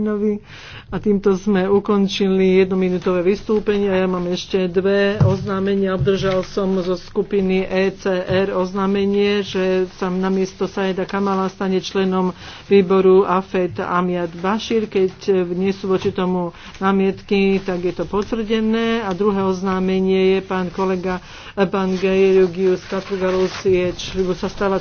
Martinovi. A týmto sme ukončili jednominútové vystúpenie. Ja mám ešte dve oznámenia. Obdržal som zo skupiny ECR oznámenie, že sa namiesto Saeda Kamala stane členom výboru AFED Amiad Bashir. Keď nie sú voči tomu námietky, tak je to potvrdené. A druhé oznámenie je pán kolega, eh, pán Georgius Katrugalus je, sa stáva